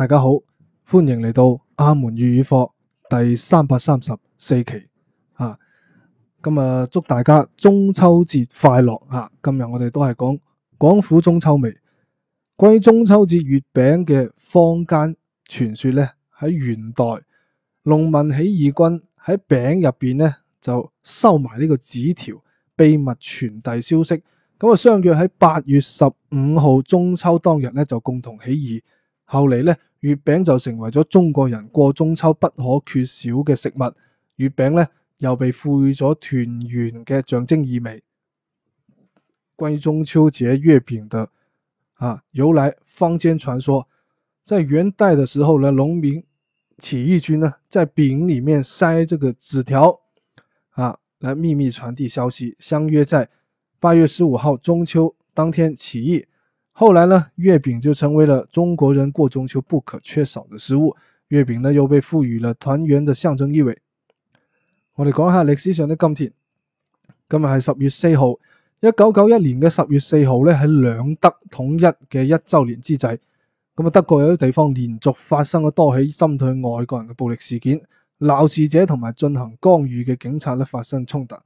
大家好，歡迎嚟到阿門粵語課第三百三十四期啊！今日祝大家中秋節快樂啊！今日我哋都係講廣府中秋味，關於中秋節月餅嘅坊間傳說呢，喺元代農民起義軍喺餅入邊呢，就收埋呢個紙條，秘密傳遞消息，咁、嗯、啊相約喺八月十五號中秋當日呢，就共同起義。後嚟呢，月餅就成為咗中國人過中秋不可缺少嘅食物。月餅呢，又被賦予咗團圓嘅象徵意味。關於中秋節月餅的啊由來，坊間傳說，在元代嘅時候呢，農民起義軍呢，在餅裡面塞這個紙條，啊，來秘密傳遞消息，相約在八月十五號中秋當天起義。後來呢，月餅就成為了中國人過中秋不可缺少的食物。月餅呢，又被賦予了團圓的象徵意味。我哋講下歷史上的今天。今日係十月四號，一九九一年嘅十月四號咧，喺兩德統一嘅一周年之際，咁啊，德國有啲地方連續發生咗多起針對外國人嘅暴力事件，鬧事者同埋進行干預嘅警察咧發生衝突。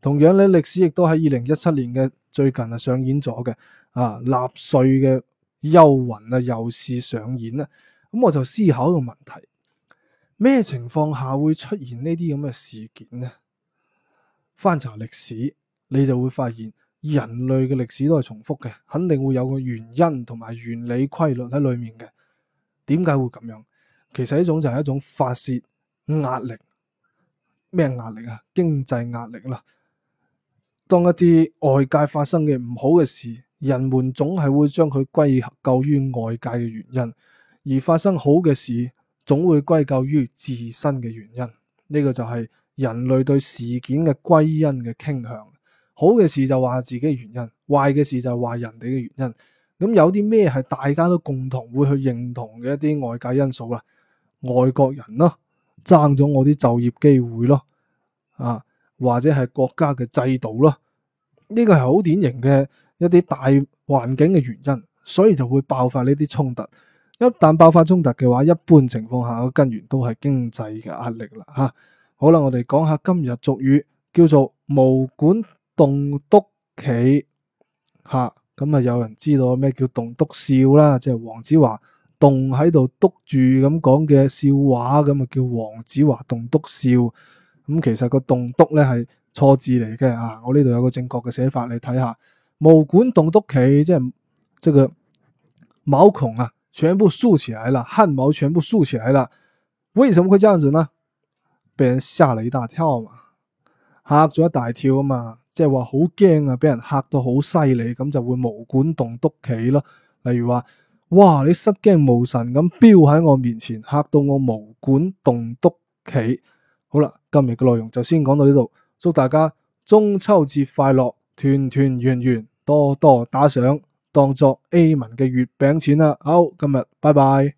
同樣咧，你歷史亦都喺二零一七年嘅最近啊上演咗嘅啊，納粹嘅幽魂啊，又是上演咧。咁我就思考一個問題：咩情況下會出現呢啲咁嘅事件呢？翻查歷史，你就會發現人類嘅歷史都係重複嘅，肯定會有個原因同埋原理規律喺裏面嘅。點解會咁樣？其實呢種就係一種發泄壓力，咩壓力啊？經濟壓力啦。當一啲外界發生嘅唔好嘅事，人們總係會將佢歸咎於外界嘅原因；而發生好嘅事，總會歸咎於自身嘅原因。呢個就係人類對事件嘅歸因嘅傾向。好嘅事就話自己原因，壞嘅事就話人哋嘅原因。咁有啲咩係大家都共同會去認同嘅一啲外界因素啦？外國人咯，爭咗我啲就業機會咯，啊！或者係國家嘅制度咯，呢、這個係好典型嘅一啲大環境嘅原因，所以就會爆發呢啲衝突。一旦爆發衝突嘅話，一般情況下嘅根源都係經濟嘅壓力啦。嚇、啊，好啦，我哋講下今日俗語叫做毛管戙篤企嚇，咁啊有人知道咩叫戙篤笑啦？即係黃子華戙喺度篤住咁講嘅笑話，咁啊叫黃子華戙篤笑。咁、嗯、其實個戙篤咧係錯字嚟嘅啊！我呢度有個正確嘅寫法，你睇下。毛管戙篤企，即係即係個毛孔啊，全部豎起來了，汗毛全部豎起來了。為什麼會這樣子呢？被人吓你一大跳嘛嚇一大跳嘛，吓咗一大跳啊嘛，即係話好驚啊，俾人吓到好犀利，咁就會毛管戙篤企咯。例如話，哇！你失驚無神咁飆喺我面前，吓到我毛管戙篤企。好啦，今日嘅內容就先講到呢度，祝大家中秋節快樂，團團圓圓，多多打賞，當作阿門嘅月餅錢啦。好，今日拜拜。